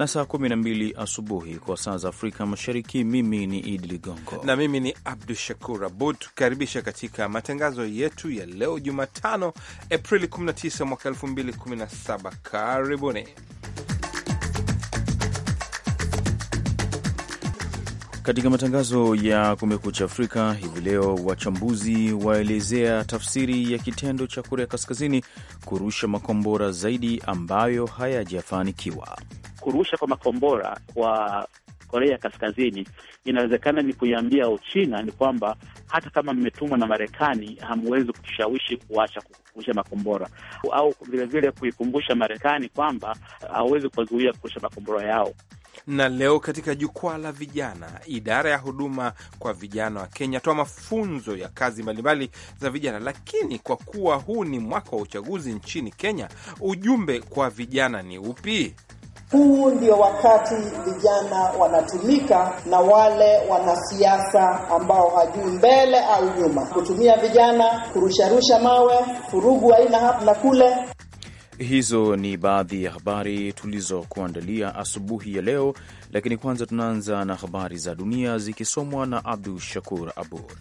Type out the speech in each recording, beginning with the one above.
na saa 12 asubuhi kwa saa za Afrika Mashariki. Mimi ni Idi Ligongo na mimi ni Abdu Shakur Abud, tukaribisha katika matangazo yetu ya leo Jumatano, Aprili 19 mwaka 2017. Karibuni. Katika matangazo ya Kumekucha Afrika hivi leo, wachambuzi waelezea tafsiri ya kitendo cha Korea Kaskazini kurusha makombora zaidi ambayo hayajafanikiwa kurusha kwa makombora kwa Korea Kaskazini, inawezekana ni kuiambia Uchina ni kwamba hata kama mmetumwa na Marekani hamwezi kutushawishi kuacha kurusha makombora, au vilevile kuikumbusha Marekani kwamba hawezi kuwazuia kurusha makombora yao. Na leo katika jukwaa la vijana, idara ya huduma kwa vijana wa Kenya toa mafunzo ya kazi mbalimbali za vijana. Lakini kwa kuwa huu ni mwaka wa uchaguzi nchini Kenya, ujumbe kwa vijana ni upi? Huu ndio wakati vijana wanatumika na wale wanasiasa ambao hajui mbele au nyuma, kutumia vijana kurusharusha mawe, furugu aina hapa na kule. Hizo ni baadhi ya habari tulizokuandalia asubuhi ya leo, lakini kwanza tunaanza na habari za dunia zikisomwa na Abdu Shakur Abud.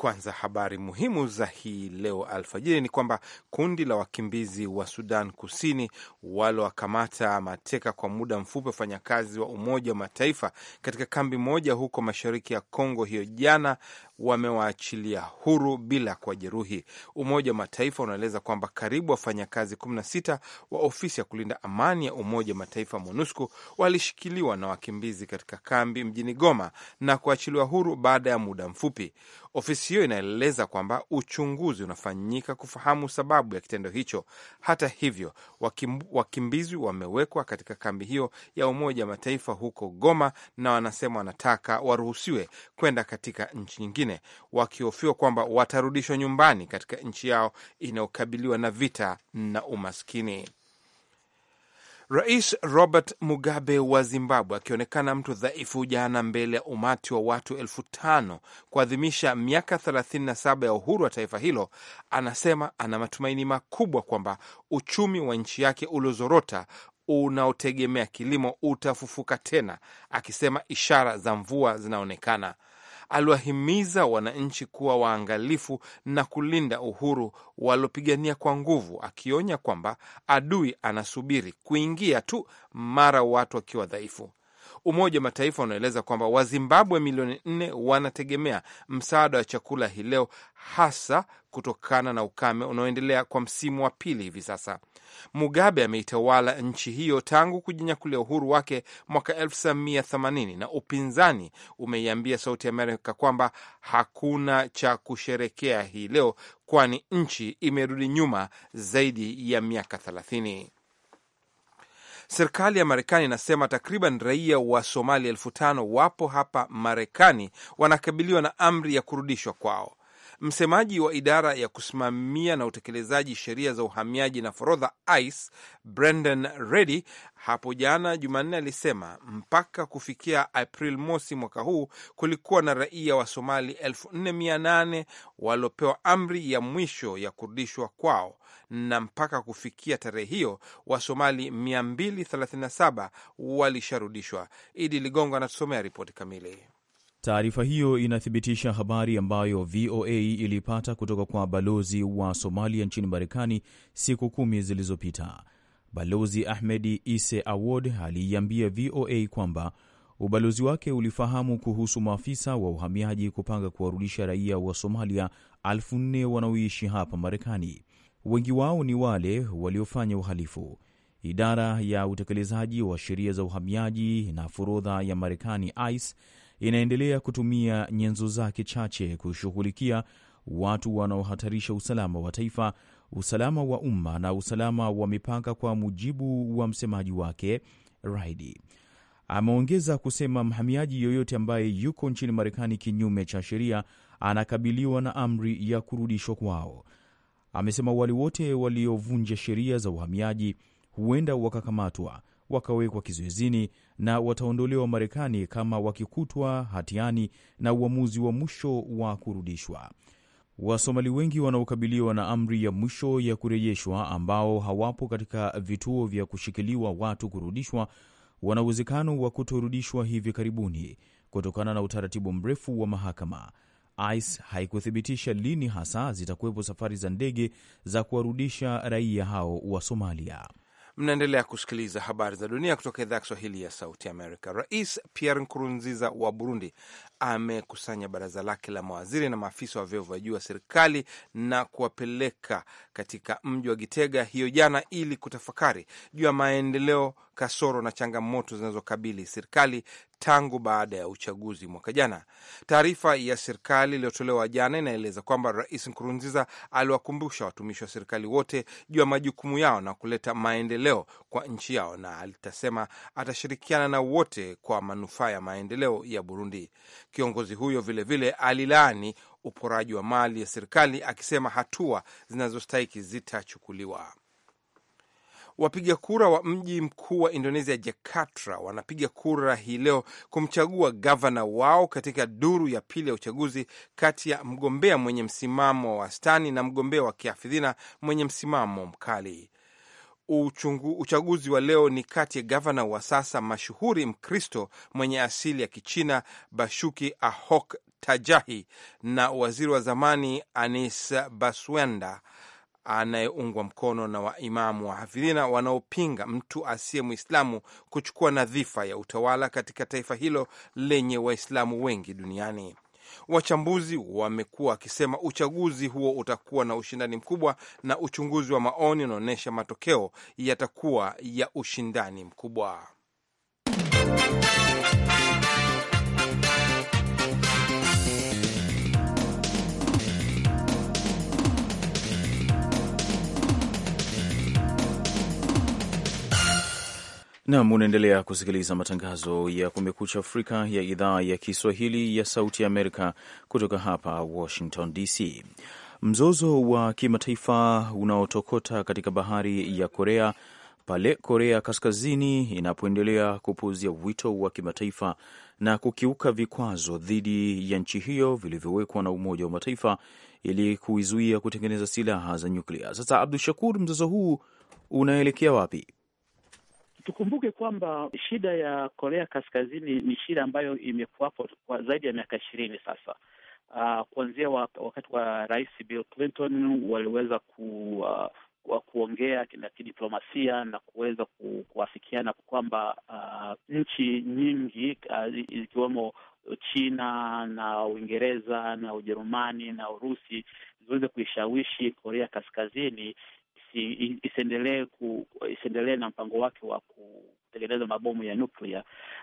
Kwanza, habari muhimu za hii leo alfajiri ni kwamba kundi la wakimbizi wa Sudan Kusini walowakamata mateka kwa muda mfupi wafanyakazi wa Umoja wa Mataifa katika kambi moja huko mashariki ya Kongo hiyo jana wamewaachilia huru bila kuwajeruhi. Umoja wa Mataifa unaeleza kwamba karibu wafanyakazi 16 wa ofisi ya kulinda amani ya Umoja wa Mataifa MONUSCO walishikiliwa na wakimbizi katika kambi mjini Goma na kuachiliwa huru baada ya muda mfupi. Ofisi hiyo inaeleza kwamba uchunguzi unafanyika kufahamu sababu ya kitendo hicho. Hata hivyo, wakim, wakimbizi wamewekwa katika kambi hiyo ya Umoja wa Mataifa huko Goma na wanasema wanataka waruhusiwe kwenda katika nchi nyingine wengine wakihofiwa kwamba watarudishwa nyumbani katika nchi yao inayokabiliwa na vita na umaskini. Rais Robert Mugabe wa Zimbabwe akionekana mtu dhaifu jana mbele ya umati wa watu elfu tano kuadhimisha miaka 37 ya uhuru wa taifa hilo, anasema ana matumaini makubwa kwamba uchumi wa nchi yake uliozorota unaotegemea kilimo utafufuka tena, akisema ishara za mvua zinaonekana aliwahimiza wananchi kuwa waangalifu na kulinda uhuru walopigania kwa nguvu, akionya kwamba adui anasubiri kuingia tu mara watu wakiwa dhaifu. Umoja wa Mataifa unaeleza kwamba Wazimbabwe milioni nne wanategemea msaada wa chakula hii leo, hasa kutokana na ukame unaoendelea kwa msimu wa pili hivi sasa. Mugabe ameitawala nchi hiyo tangu kujinyakulia uhuru wake mwaka 1980 na upinzani umeiambia Sauti ya Amerika kwamba hakuna cha kusherekea hii leo, kwani nchi imerudi nyuma zaidi ya miaka 30. Serikali ya Marekani inasema takriban raia wa Somalia elfu tano wapo hapa Marekani wanakabiliwa na amri ya kurudishwa kwao. Msemaji wa idara ya kusimamia na utekelezaji sheria za uhamiaji na forodha ICE Brendan Reddy hapo jana Jumanne alisema mpaka kufikia April mosi mwaka huu kulikuwa na raia wa Somali 4800 waliopewa amri ya mwisho ya kurudishwa kwao, na mpaka kufikia tarehe hiyo wa somali 237 walisharudishwa. Idi Ligongo anatusomea ripoti kamili. Taarifa hiyo inathibitisha habari ambayo VOA ilipata kutoka kwa balozi wa Somalia nchini Marekani siku kumi zilizopita. Balozi ahmedi ise Awod aliiambia VOA kwamba ubalozi wake ulifahamu kuhusu maafisa wa uhamiaji kupanga kuwarudisha raia wa Somalia elfu nne wanaoishi hapa Marekani. Wengi wao ni wale waliofanya uhalifu. Idara ya utekelezaji wa sheria za uhamiaji na forodha ya Marekani, ICE, inaendelea kutumia nyenzo zake chache kushughulikia watu wanaohatarisha usalama wa taifa, usalama wa umma na usalama wa mipaka, kwa mujibu wa msemaji wake Raidi. Ameongeza kusema mhamiaji yoyote ambaye yuko nchini Marekani kinyume cha sheria anakabiliwa na amri ya kurudishwa kwao. Amesema wale wote waliovunja sheria za uhamiaji huenda wakakamatwa wakawekwa kizuizini na wataondolewa Marekani kama wakikutwa hatiani na uamuzi wa mwisho wa kurudishwa. Wasomali wengi wanaokabiliwa na amri ya mwisho ya kurejeshwa ambao hawapo katika vituo vya kushikiliwa watu kurudishwa wana uwezekano wa kutorudishwa hivi karibuni kutokana na utaratibu mrefu wa mahakama. ICE haikuthibitisha lini hasa zitakuwepo safari za ndege za kuwarudisha raia hao wa Somalia. Mnaendelea kusikiliza habari za dunia kutoka idhaa ya Kiswahili ya Sauti Amerika. Rais Pierre Nkurunziza wa Burundi amekusanya baraza lake la mawaziri na maafisa wa vyeo vya juu wa serikali na kuwapeleka katika mji wa Gitega hiyo jana ili kutafakari juu ya maendeleo, kasoro na changamoto zinazokabili serikali tangu baada ya uchaguzi mwaka jana. Taarifa ya serikali iliyotolewa jana inaeleza kwamba Rais Nkurunziza aliwakumbusha watumishi wa serikali wote juu ya majukumu yao na kuleta maendeleo kwa nchi yao, na alitasema atashirikiana na wote kwa manufaa ya maendeleo ya Burundi. Kiongozi huyo vilevile vile alilaani uporaji wa mali ya serikali akisema hatua zinazostahiki zitachukuliwa. Wapiga kura wa mji mkuu wa Indonesia, Jakarta, wanapiga kura hii leo kumchagua gavana wao katika duru ya pili ya uchaguzi kati ya mgombea mwenye msimamo wa wastani na mgombea wa kiafidhina mwenye msimamo mkali uchungu, uchaguzi wa leo ni kati ya gavana wa sasa mashuhuri Mkristo mwenye asili ya Kichina Bashuki Ahok Tajahi na waziri wa zamani Anis Baswenda anayeungwa mkono na waimamu wa hafidhina wanaopinga mtu asiye Mwislamu kuchukua nadhifa ya utawala katika taifa hilo lenye Waislamu wengi duniani. Wachambuzi wamekuwa wakisema uchaguzi huo utakuwa na ushindani mkubwa, na uchunguzi wa maoni unaonyesha matokeo yatakuwa ya ushindani mkubwa. Nam, unaendelea kusikiliza matangazo ya Kumekucha Afrika ya idhaa ya Kiswahili ya Sauti ya Amerika kutoka hapa Washington DC. Mzozo wa kimataifa unaotokota katika bahari ya Korea pale Korea Kaskazini inapoendelea kupuuzia wito wa kimataifa na kukiuka vikwazo dhidi ya nchi hiyo vilivyowekwa na Umoja wa Mataifa ili kuizuia kutengeneza silaha za nyuklia. Sasa, Abdu Shakur, mzozo huu unaelekea wapi? Tukumbuke kwamba shida ya Korea Kaskazini ni shida ambayo imekuwapo kwa zaidi ya miaka ishirini sasa. Uh, kuanzia wakati wa Rais Bill Clinton waliweza ku, uh, kuongea na kidiplomasia na kuweza ku, kwamba uh, nchi nyingi uh, ikiwemo China na Uingereza na Ujerumani na Urusi ziweze kuishawishi Korea Kaskazini isiendelee ku, isiendelee na mpango wake wa kutengeneza mabomu ya nuklia.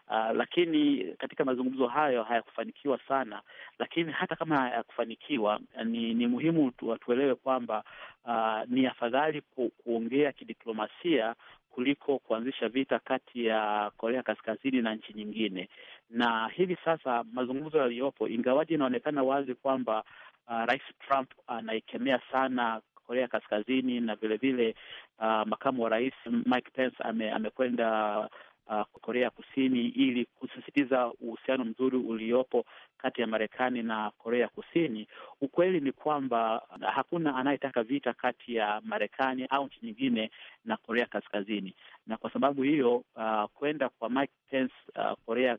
Uh, ah, lakini katika mazungumzo hayo hayakufanikiwa sana, lakini hata kama hayakufanikiwa ni, ni muhimu watuelewe kwamba uh, ni afadhali ku, kuongea kidiplomasia kuliko kuanzisha vita kati ya Korea Kaskazini na nchi nyingine. Na hivi sasa mazungumzo yaliyopo, ingawaji inaonekana wazi kwamba uh, Rais Trump anaikemea sana Korea Kaskazini na vilevile uh, makamu wa rais Mike Pence ame, amekwenda Uh, Korea Kusini ili kusisitiza uhusiano mzuri uliopo kati ya Marekani na Korea Kusini. Ukweli ni kwamba hakuna anayetaka vita kati ya Marekani au nchi nyingine na Korea Kaskazini, na kwa sababu hiyo uh, kwenda kwa Mike Pence uh, Korea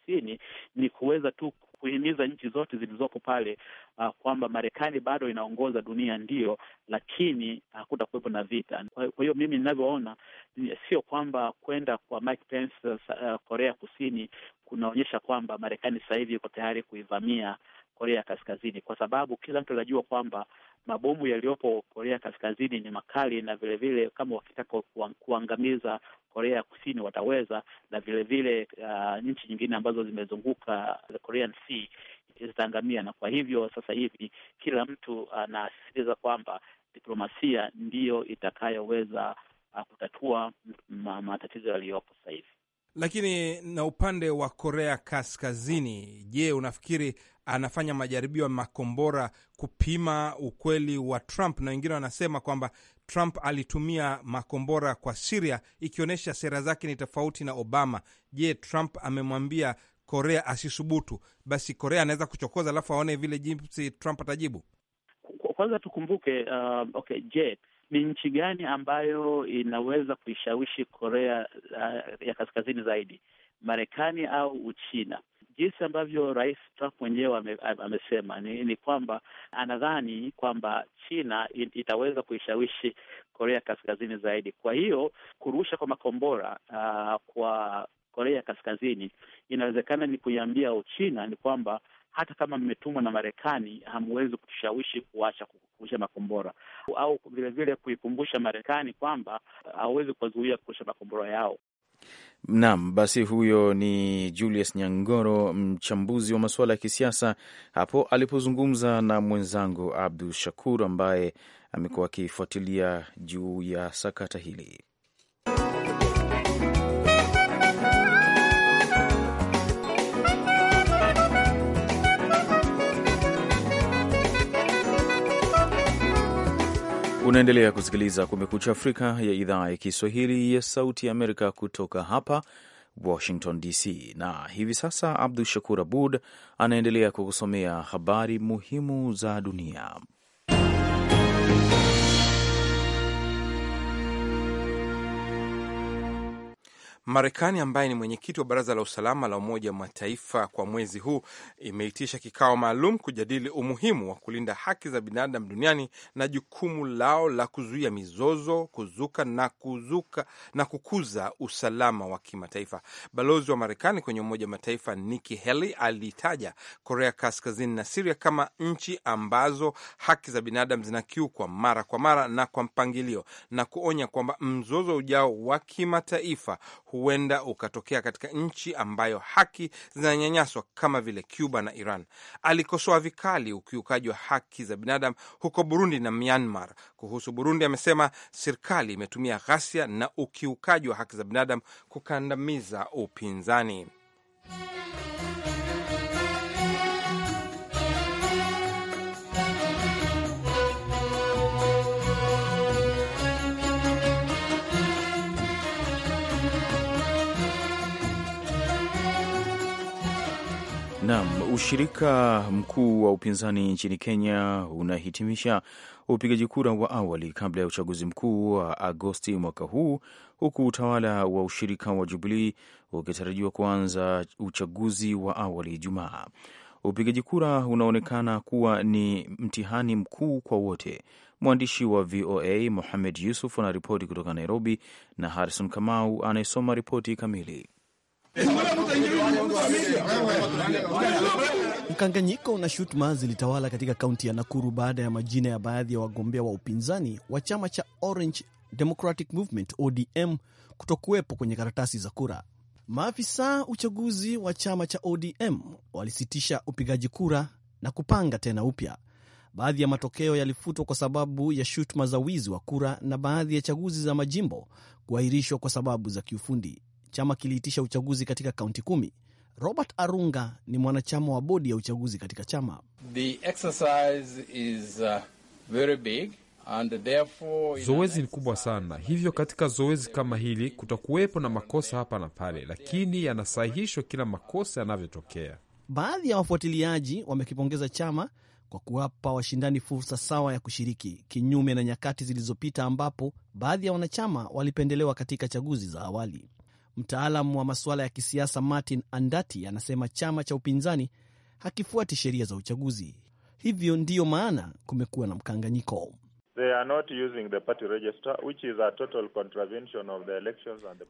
Kusini ni kuweza tu kuhimiza nchi zote zilizopo pale uh, kwamba Marekani bado inaongoza dunia ndio lakini hakuta uh, na vita. Kwa hiyo mimi ninavyoona, sio kwamba kwenda kwa Mike Pence uh, uh, Korea Kusini kunaonyesha kwamba Marekani sasa hivi iko tayari kuivamia Korea ya Kaskazini, kwa sababu kila mtu anajua kwamba mabomu yaliyopo Korea Kaskazini ni makali na vilevile, kama wakitaka kuangamiza Korea ya Kusini wataweza, na vilevile uh, nchi nyingine ambazo zimezunguka Korean Sea zitaangamia. Na kwa hivyo sasa hivi kila mtu anasisitiza uh, kwamba diplomasia ndiyo itakayoweza uh, kutatua matatizo yaliyopo sasa hivi. Lakini na upande wa Korea Kaskazini, je, unafikiri anafanya majaribio ya makombora kupima ukweli wa Trump? Na wengine wanasema kwamba Trump alitumia makombora kwa Siria, ikionyesha sera zake ni tofauti na Obama. Je, Trump amemwambia Korea asisubutu? Basi Korea anaweza kuchokoza, alafu aone vile jinsi Trump atajibu. Kwanza tukumbuke uh, okay, ni nchi gani ambayo inaweza kuishawishi Korea uh, ya kaskazini zaidi, Marekani au Uchina? Jinsi ambavyo Rais Trump mwenyewe amesema ni, ni kwamba anadhani kwamba China itaweza kuishawishi Korea kaskazini zaidi. Kwa hiyo kurusha kwa makombora uh, kwa Korea kaskazini inawezekana ni kuiambia Uchina ni kwamba hata kama mmetumwa na Marekani, hamwezi kushawishi kuacha kurusha makombora au vilevile kuikumbusha Marekani kwamba uh, hawezi kuwazuia kurusha makombora yao. Naam, basi huyo ni Julius Nyangoro, mchambuzi wa masuala ya kisiasa, hapo alipozungumza na mwenzangu Abdu Shakur ambaye amekuwa akifuatilia juu ya sakata hili. Unaendelea kusikiliza Kumekucha Afrika ya idhaa ya Kiswahili ya Sauti ya Amerika kutoka hapa Washington DC, na hivi sasa Abdu Shakur Abud anaendelea kukusomea habari muhimu za dunia. Marekani ambaye ni mwenyekiti wa baraza la usalama la Umoja wa Mataifa kwa mwezi huu imeitisha kikao maalum kujadili umuhimu wa kulinda haki za binadamu duniani na jukumu lao la kuzuia mizozo kuzuka na kuzuka na kukuza usalama wa kimataifa. Balozi wa Marekani kwenye Umoja wa Mataifa Nikki Haley alitaja Korea Kaskazini na Siria kama nchi ambazo haki za binadamu zinakiukwa mara kwa mara na kwa mpangilio, na kuonya kwamba mzozo ujao wa kimataifa huenda ukatokea katika nchi ambayo haki zinanyanyaswa kama vile Cuba na Iran. Alikosoa vikali ukiukaji wa haki za binadamu huko Burundi na Myanmar. Kuhusu Burundi, amesema serikali imetumia ghasia na ukiukaji wa haki za binadamu kukandamiza upinzani. Naam, ushirika mkuu wa upinzani nchini Kenya unahitimisha upigaji kura wa awali kabla ya uchaguzi mkuu wa Agosti mwaka huu, huku utawala wa ushirika wa Jubilii ukitarajiwa kuanza uchaguzi wa awali Ijumaa. Upigaji kura unaonekana kuwa ni mtihani mkuu kwa wote. Mwandishi wa VOA Mohamed Yusuf anaripoti kutoka Nairobi na Harrison Kamau anayesoma ripoti kamili. Mkanganyiko na shutuma zilitawala katika kaunti ya Nakuru baada ya majina ya baadhi ya wagombea wa upinzani wa chama cha Orange Democratic Movement ODM kutokuwepo kwenye karatasi za kura. Maafisa uchaguzi wa chama cha ODM walisitisha upigaji kura na kupanga tena upya. Baadhi ya matokeo yalifutwa kwa sababu ya shutuma za wizi wa kura na baadhi ya chaguzi za majimbo kuahirishwa kwa sababu za kiufundi chama kiliitisha uchaguzi katika kaunti kumi. Robert Arunga ni mwanachama wa bodi ya uchaguzi katika chama. The exercise is uh, very big. Zoezi ni kubwa sana, hivyo katika zoezi kama hili kutakuwepo na makosa hapa na pale, lakini yanasahihishwa kila makosa yanavyotokea. Baadhi ya wafuatiliaji wamekipongeza chama kwa kuwapa washindani fursa sawa ya kushiriki, kinyume na nyakati zilizopita ambapo baadhi ya wanachama walipendelewa katika chaguzi za awali. Mtaalamu wa masuala ya kisiasa Martin Andati anasema chama cha upinzani hakifuati sheria za uchaguzi, hivyo ndiyo maana kumekuwa na mkanganyiko.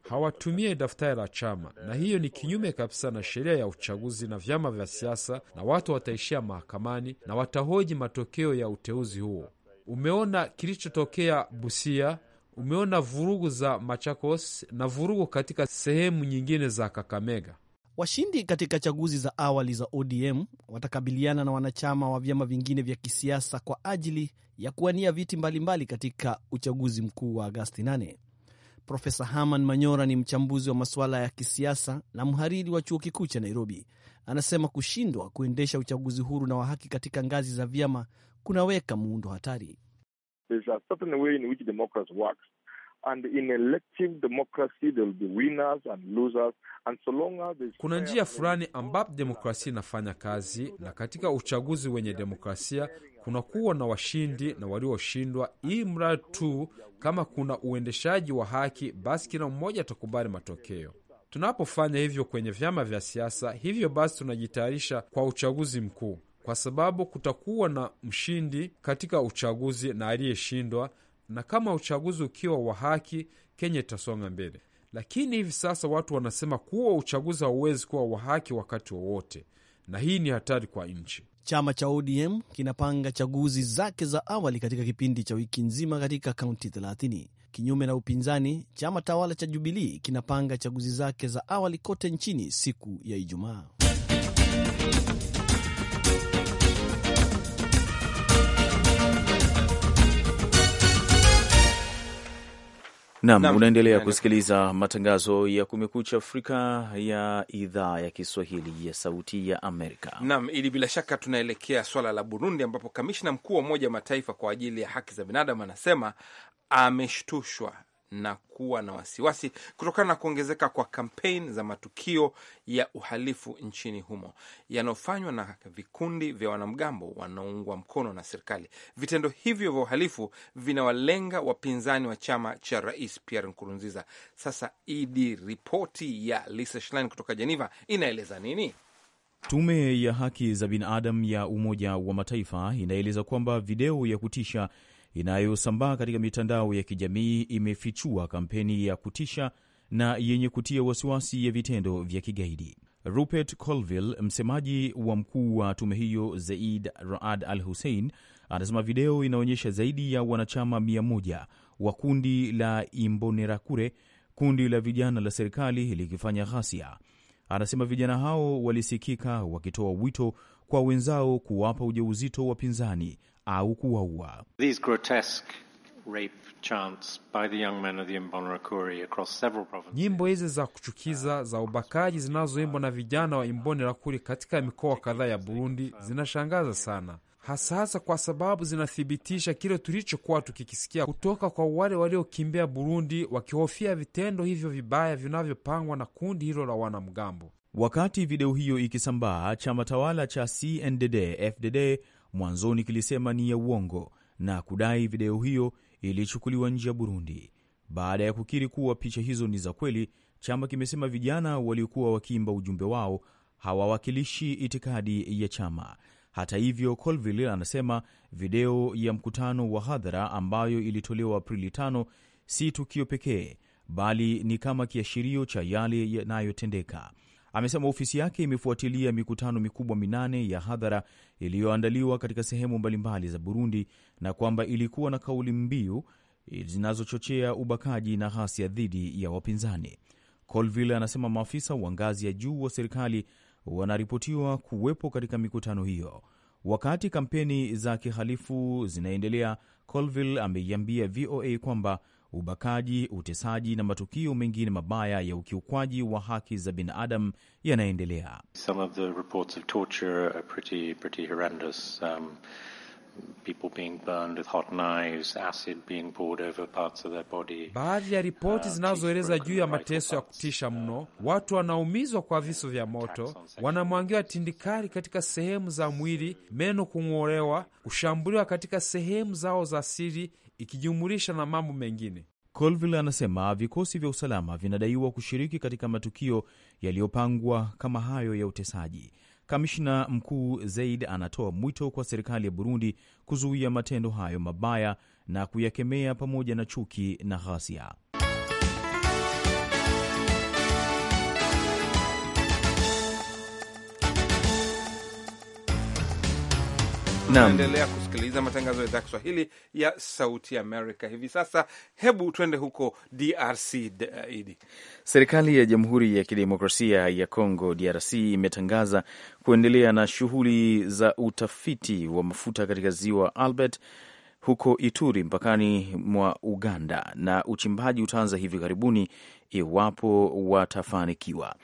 Hawatumie daftari la chama, na hiyo ni kinyume kabisa na sheria ya uchaguzi na vyama vya siasa, na watu wataishia mahakamani na watahoji matokeo ya uteuzi huo. Umeona kilichotokea Busia umeona vurugu za Machakos na vurugu katika sehemu nyingine za Kakamega. Washindi katika chaguzi za awali za ODM watakabiliana na wanachama wa vyama vingine vya kisiasa kwa ajili ya kuwania viti mbalimbali katika uchaguzi mkuu wa Agasti 8. Profesa Herman Manyora ni mchambuzi wa masuala ya kisiasa na mhariri wa chuo kikuu cha Nairobi. Anasema kushindwa kuendesha uchaguzi huru na wa haki katika ngazi za vyama kunaweka muundo hatari. There's a certain way in which democracy works. And in elective democracy, there will be winners and losers. And so long as kuna njia fulani ambapo demokrasia inafanya kazi, na katika uchaguzi wenye demokrasia kuna kuwa na washindi na walioshindwa, ili mradi tu kama kuna uendeshaji wa haki, basi kila mmoja atakubali matokeo. Tunapofanya hivyo kwenye vyama vya siasa, hivyo basi tunajitayarisha kwa uchaguzi mkuu kwa sababu kutakuwa na mshindi katika uchaguzi na aliyeshindwa, na kama uchaguzi ukiwa wa haki, Kenya itasonga mbele. Lakini hivi sasa watu wanasema kuwa uchaguzi hauwezi kuwa wa haki wakati wowote, na hii ni hatari kwa nchi. Chama cha ODM kinapanga chaguzi zake za awali katika kipindi cha wiki nzima katika kaunti 30. Kinyume na upinzani, chama tawala cha Jubilii kinapanga chaguzi zake za awali kote nchini siku ya Ijumaa. Nam, unaendelea kusikiliza matangazo ya Kumekucha Afrika ya idhaa ya Kiswahili ya Sauti ya Amerika. Nam, ili bila shaka tunaelekea swala la Burundi, ambapo kamishna mkuu wa Umoja wa Mataifa kwa ajili ya haki za binadamu anasema ameshtushwa na kuwa na wasiwasi kutokana na kuongezeka kwa kampeni za matukio ya uhalifu nchini humo yanayofanywa na vikundi vya wanamgambo wanaoungwa mkono na serikali. Vitendo hivyo vya uhalifu vinawalenga wapinzani wa chama cha rais Pierre Nkurunziza. Sasa Idi, e ripoti ya Lisa Schlein kutoka jeniva inaeleza nini? Tume ya haki za binadamu ya Umoja wa Mataifa inaeleza kwamba video ya kutisha inayosambaa katika mitandao ya kijamii imefichua kampeni ya kutisha na yenye kutia wasiwasi ya vitendo vya kigaidi. Rupert Colville, msemaji wa mkuu wa tume hiyo Zaid Raad Al Hussein, anasema video inaonyesha zaidi ya wanachama mia moja wa kundi la Imbonerakure, kundi la vijana la serikali likifanya ghasia. Anasema vijana hao walisikika wakitoa wito kwa wenzao kuwapa ujauzito wapinzani au kuwaua. These grotesque rape chants by the young men of the across several provinces. Nyimbo hizi za kuchukiza za ubakaji zinazoimbwa na vijana wa Imbonerakure katika mikoa kadhaa ya Burundi zinashangaza sana hasa hasa kwa sababu zinathibitisha kile tulichokuwa tukikisikia kutoka kwa wale waliokimbia Burundi wakihofia vitendo hivyo vibaya vinavyopangwa na kundi hilo la wanamgambo. Wakati video hiyo ikisambaa, chama tawala cha CNDD-FDD mwanzoni kilisema ni ya uongo na kudai video hiyo ilichukuliwa nje ya Burundi. Baada ya kukiri kuwa picha hizo ni za kweli, chama kimesema vijana waliokuwa wakiimba ujumbe wao hawawakilishi itikadi ya chama. Hata hivyo, Colville anasema video ya mkutano wa hadhara ambayo ilitolewa Aprili a si tukio pekee, bali ni kama kiashirio cha yale yanayotendeka. Amesema ofisi yake imefuatilia mikutano mikubwa minane ya hadhara iliyoandaliwa katika sehemu mbalimbali za Burundi na kwamba ilikuwa na kauli mbiu zinazochochea ubakaji na ghasia dhidi ya wapinzani. Colville anasema maafisa wa ngazi ya juu wa serikali wanaripotiwa kuwepo katika mikutano hiyo. Wakati kampeni za kihalifu zinaendelea, Colville ameiambia VOA kwamba ubakaji, utesaji na matukio mengine mabaya ya ukiukwaji wa haki za binadamu yanaendelea. Some of the reports of torture are pretty, pretty horrendous. Um, people being burned with hot knives, acid being poured over parts of their body. Baadhi ya ripoti uh, zinazoeleza juu ya mateso ya kutisha mno, uh, watu wanaumizwa kwa visu vya moto, wanamwangiwa tindikali katika sehemu za mwili, meno kung'olewa, kushambuliwa katika sehemu zao za siri, ikijumulisha na mambo mengine. Colville anasema vikosi vya usalama vinadaiwa kushiriki katika matukio yaliyopangwa kama hayo ya utesaji Kamishna mkuu Zaid anatoa mwito kwa serikali ya Burundi kuzuia matendo hayo mabaya na kuyakemea pamoja na chuki na ghasia. Tunaendelea kusikiliza matangazo ya idhaa Kiswahili ya Sauti Amerika. Hivi sasa, hebu tuende huko DRC. Eh, Idi, serikali ya Jamhuri ya Kidemokrasia ya Kongo DRC imetangaza kuendelea na shughuli za utafiti wa mafuta katika ziwa Albert huko Ituri mpakani mwa Uganda, na uchimbaji utaanza hivi karibuni iwapo watafanikiwa.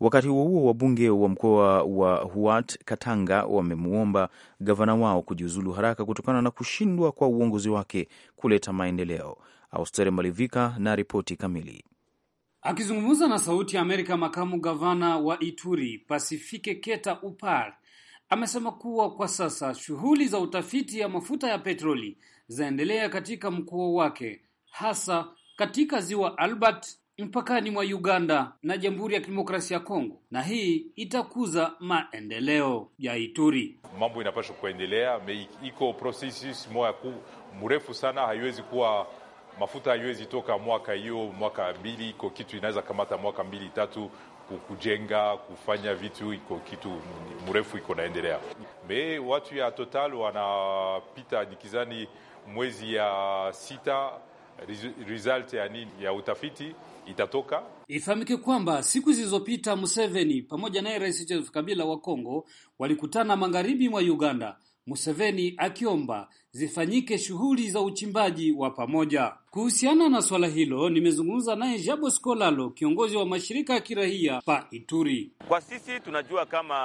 Wakati huo huo, wabunge wa mkoa wa Huat Katanga wamemwomba gavana wao kujiuzulu haraka kutokana na kushindwa kwa uongozi wake kuleta maendeleo. Austere Malivika na ripoti kamili. Akizungumza na Sauti ya Amerika, makamu gavana wa Ituri Pasifike Keta Upar amesema kuwa kwa sasa shughuli za utafiti ya mafuta ya petroli zaendelea katika mkoa wake, hasa katika ziwa Albert mpakani mwa Uganda na Jamhuri ya Kidemokrasia ya Kongo, na hii itakuza maendeleo ya Ituri. Mambo inapaswa kuendelea me iko processus moya mrefu sana, haiwezi kuwa mafuta haiwezi toka mwaka hiyo mwaka mbili, iko kitu inaweza kamata mwaka mbili tatu kujenga kufanya vitu, iko kitu mrefu iko naendelea. Me watu ya Total wanapita nikizani mwezi ya sita result ya nini ya utafiti itatoka. Ifahamike kwamba siku zilizopita Museveni pamoja naye Rais Joseph Kabila wa Kongo walikutana magharibi mwa Uganda, Museveni akiomba zifanyike shughuli za uchimbaji wa pamoja. Kuhusiana na swala hilo, nimezungumza naye Jabo Skolalo, kiongozi wa mashirika ya kirahia pa Ituri. Kwa sisi tunajua kama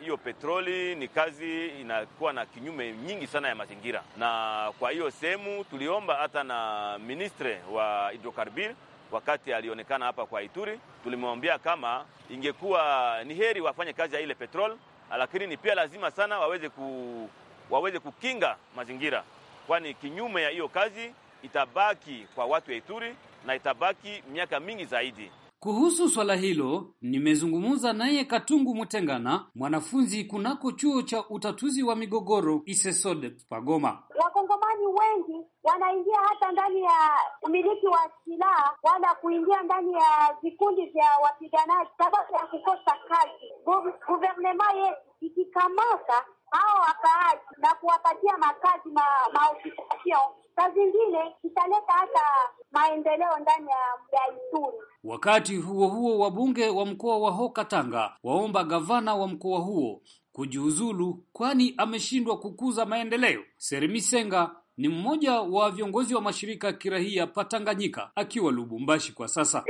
hiyo petroli ni kazi inakuwa na kinyume nyingi sana ya mazingira, na kwa hiyo sehemu tuliomba hata na ministre wa hidrokarbiri wakati alionekana hapa kwa Ituri, tulimwambia kama ingekuwa ni heri wafanye kazi ya ile petrol, lakini ni pia lazima sana waweze, ku, waweze kukinga mazingira, kwani kinyume ya hiyo kazi itabaki kwa watu ya Ituri na itabaki miaka mingi zaidi. Kuhusu swala hilo nimezungumza naye Katungu Mutengana, mwanafunzi kunako chuo cha utatuzi wa migogoro Isesode Pagoma. Wakongomani wengi wanaingia hata ndani ya umiliki wa silaha wala kuingia ndani ya vikundi vya wapiganaji sababu ya kukosa kazi. Guvernema yetu ikikamata hao wakaaji na kuwapatia makazi ma maokupasion, saa zingine italeta hata maendeleo ndani ya Ituri. Wakati huo huo, wabunge wa mkoa wa Hoka Tanga waomba gavana wa mkoa huo kujiuzulu, kwani ameshindwa kukuza maendeleo. Serimisenga ni mmoja wa viongozi wa mashirika ya kirahia patanganyika akiwa Lubumbashi kwa sasa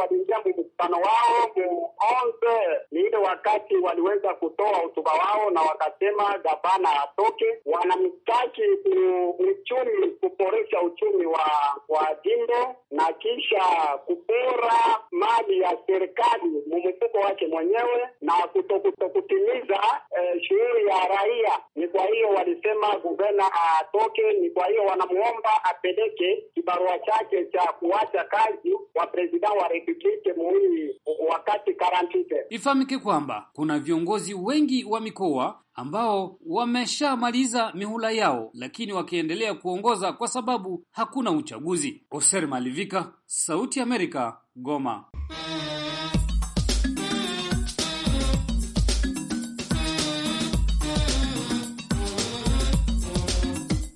waliingia mkutano wao muonze, ni ile wakati waliweza kutoa hotuba wao na wakasema gavana atoke, wanamtaki uchumi, kuboresha uchumi wa wa jimbo na kisha kupora mali ya serikali mumfuko wake mwenyewe na kutokutimiza eh, shughuli ya raia. Ni kwa hiyo walisema guvena atoke, ni kwa hiyo wanamuomba apeleke kibarua chake cha kuacha kazi kwa president wa mwili wakati Ifahamike kwamba kuna viongozi wengi wa mikoa ambao wameshamaliza mihula yao, lakini wakiendelea kuongoza kwa sababu hakuna uchaguzi. Oser Malivika, Sauti ya Amerika, Goma.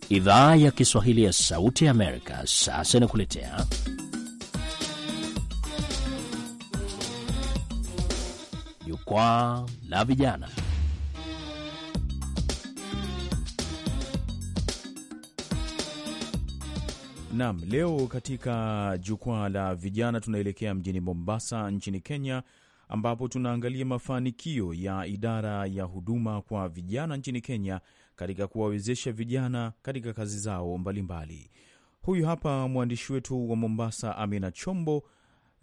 Idhaa ya Kiswahili ya Sauti ya Amerika sasa inakuletea Jukwaa la Vijana. Naam, leo katika Jukwaa la Vijana tunaelekea mjini Mombasa nchini Kenya, ambapo tunaangalia mafanikio ya idara ya huduma kwa vijana nchini Kenya katika kuwawezesha vijana katika kazi zao mbalimbali mbali. Huyu hapa mwandishi wetu wa Mombasa, Amina Chombo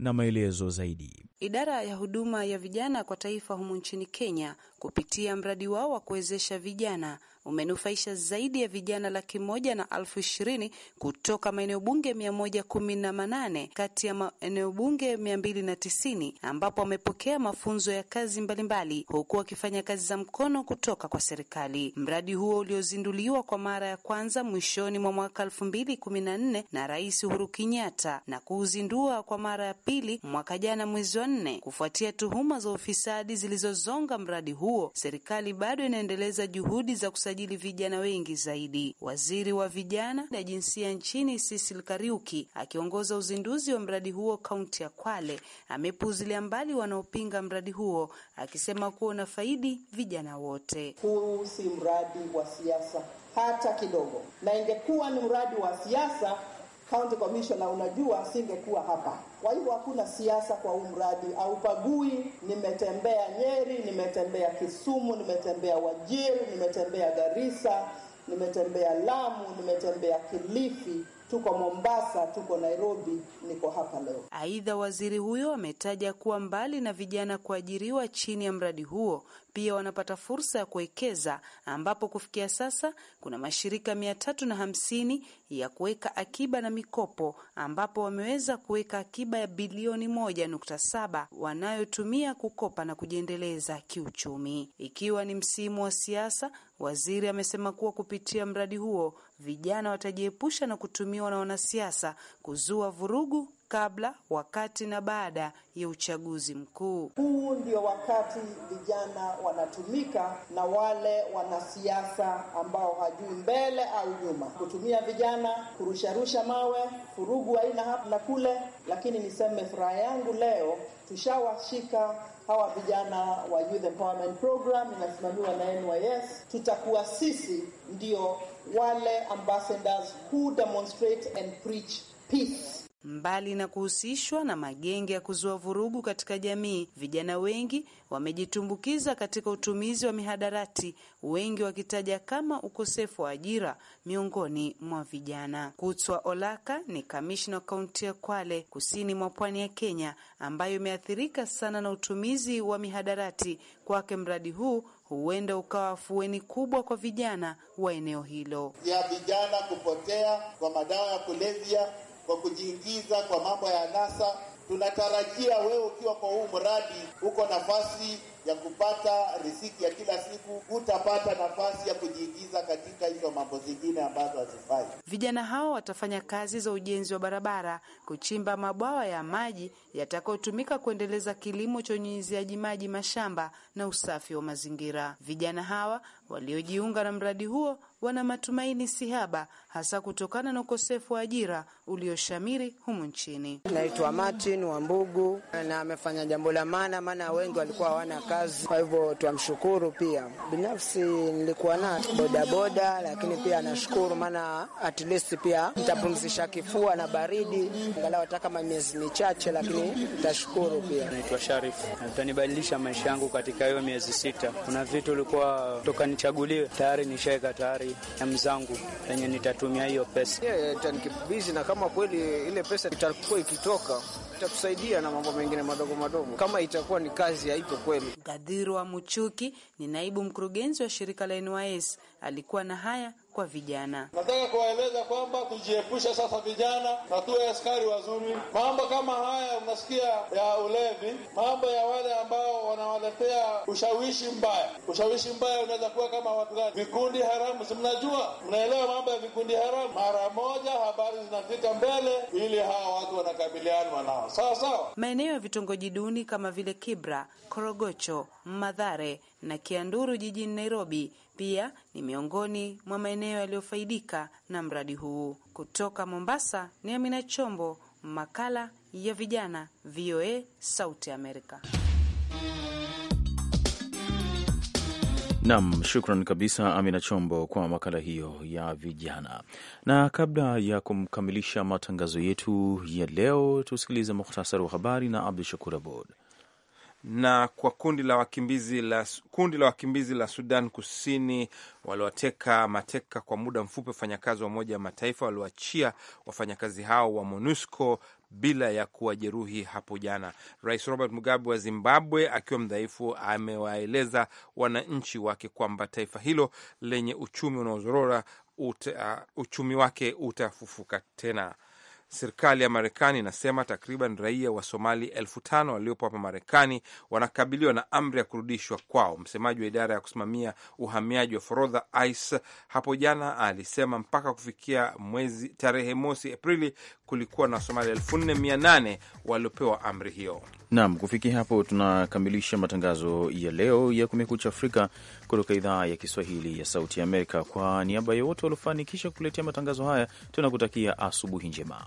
na maelezo zaidi. Idara ya huduma ya vijana kwa taifa humu nchini Kenya kupitia mradi wao wa kuwezesha vijana umenufaisha zaidi ya vijana laki moja na alfu ishirini kutoka maeneo bunge mia moja kumi na manane kati ya maeneo bunge mia mbili na tisini ambapo wamepokea mafunzo ya kazi mbalimbali huku wakifanya kazi za mkono kutoka kwa serikali. Mradi huo uliozinduliwa kwa mara ya kwanza mwishoni mwa mwaka elfu mbili kumi na nne na Rais Uhuru Kenyatta na kuuzindua kwa mara ya pili mwaka jana mwezi wa nne kufuatia tuhuma za ufisadi zilizozonga mradi huo, serikali bado inaendeleza juhudi za kusajili vijana wengi zaidi. Waziri wa vijana na jinsia nchini sisil Kariuki akiongoza uzinduzi wa mradi huo kaunti ya Kwale amepuzilia mbali wanaopinga mradi huo akisema kuwa unafaidi vijana wote. Huu si mradi wa siasa hata kidogo, na ingekuwa ni mradi wa siasa county commissioner, unajua singekuwa hapa. Kwa hivyo hakuna siasa kwa huu mradi, haupagui. Nimetembea Nyeri, nimetembea Kisumu, nimetembea Wajir, nimetembea Garissa, nimetembea Lamu, nimetembea Kilifi tuko Mombasa, tuko Nairobi, niko hapa leo. Aidha, waziri huyo ametaja kuwa mbali na vijana kuajiriwa chini ya mradi huo, pia wanapata fursa ya kuwekeza, ambapo kufikia sasa kuna mashirika mia tatu na hamsini ya kuweka akiba na mikopo, ambapo wameweza kuweka akiba ya bilioni moja nukta saba wanayotumia kukopa na kujiendeleza kiuchumi, ikiwa ni msimu wa siasa. Waziri amesema kuwa kupitia mradi huo vijana watajiepusha na kutumiwa na wanasiasa kuzua vurugu kabla, wakati na baada ya uchaguzi mkuu. Huu ndio wakati vijana wanatumika na wale wanasiasa ambao hajui mbele au nyuma, kutumia vijana kurusharusha mawe, furugu aina hapa na kule. Lakini niseme furaha yangu leo tushawashika hawa vijana wa Youth Empowerment Program inasimamiwa na NYS, tutakuwa sisi ndio wale ambassadors who demonstrate and preach peace Mbali na kuhusishwa na magenge ya kuzua vurugu katika jamii, vijana wengi wamejitumbukiza katika utumizi wa mihadarati, wengi wakitaja kama ukosefu wa ajira miongoni mwa vijana. kutswa Olaka ni kamishna wa kaunti ya Kwale, kusini mwa pwani ya Kenya, ambayo imeathirika sana na utumizi wa mihadarati. Kwake mradi huu huenda ukawa afueni kubwa kwa vijana wa eneo hilo, ya vijana kupotea kwa madawa ya kulevya kwa kujiingiza kwa mambo ya nasa. Tunatarajia wewe ukiwa kwa huu mradi uko nafasi ya kupata riziki ya kila siku, hutapata nafasi ya kujiingiza katika hizo mambo zingine ambazo hazifai. Vijana hao watafanya kazi za ujenzi wa barabara, kuchimba mabwawa ya maji yatakayotumika kuendeleza kilimo cha unyunyiziaji maji mashamba na usafi wa mazingira. Vijana hawa waliojiunga na mradi huo wana matumaini sihaba, hasa kutokana na ukosefu wa ajira ulioshamiri humu nchini. Naitwa Martin Wambugu na amefanya jambo la maana, maana wengi walikuwa hawana kazi. Kwa hivyo twamshukuru pia. Binafsi nilikuwa na bodaboda, lakini pia nashukuru maana at least pia nitapumzisha kifua na baridi angalau hata kama miezi michache, lakini tashukuru pia. Naitwa Sharif, utanibadilisha maisha yangu katika hiyo miezi sita. Kuna vitu ulikuwa toka nichaguliwe tayari nishaweka tayari na mzangu enye nitatumia hiyo pesa yeah, na kama kweli ile pesa itakuwa ikitoka itatusaidia na mambo mengine madogo madogo, kama itakuwa ni kazi haipo kweli wa Muchuki ni naibu mkurugenzi wa shirika la NYS alikuwa na haya kwa vijana. Nataka kuwaeleza kwamba tujiepushe sasa vijana na tuwe askari wazuri. Mambo kama haya unasikia ya ulevi, mambo ya wale ambao wanawaletea ushawishi mbaya. Ushawishi mbaya unaweza kuwa kama watu gani? Vikundi haramu, si mnajua, mnaelewa mambo ya vikundi haramu. Mara moja habari zinafika mbele, ili hawa watu wanakabilianwa nao sawa sawa. Maeneo ya vitongoji duni kama vile Kibra, Korogocho Madhare na Kianduru jijini Nairobi pia ni miongoni mwa maeneo yaliyofaidika na mradi huu. Kutoka Mombasa ni Amina Chombo, makala ya vijana, VOA Sauti Amerika. Nam, shukran kabisa Amina Chombo kwa makala hiyo ya vijana. Na kabla ya kumkamilisha matangazo yetu ya leo, tusikilize muhtasari wa habari na Abdu Shakur Abod na kwa kundi la wakimbizi la, kundi la wakimbizi la Sudan Kusini waliwateka mateka kwa muda mfupi wafanyakazi wa Umoja wa Mataifa walioachia wafanyakazi hao wa MONUSCO bila ya kuwajeruhi hapo jana. Rais Robert Mugabe wa Zimbabwe akiwa mdhaifu, amewaeleza wananchi wake kwamba taifa hilo lenye uchumi unaozorora uh, uchumi wake utafufuka tena. Serikali ya Marekani inasema takriban raia wa Somali elfu tano waliopo hapa Marekani wanakabiliwa na amri ya kurudishwa kwao. Msemaji wa idara ya kusimamia uhamiaji wa forodha ICE hapo jana alisema mpaka kufikia mwezi tarehe mosi Aprili kulikuwa na Somali elfu nne mia nane waliopewa amri hiyo. Naam, kufikia hapo tunakamilisha matangazo ya leo ya Kumekucha Afrika kutoka idhaa ya Kiswahili ya Sauti ya Amerika. Kwa niaba ya wote waliofanikisha kukuletea matangazo haya, tunakutakia asubuhi njema.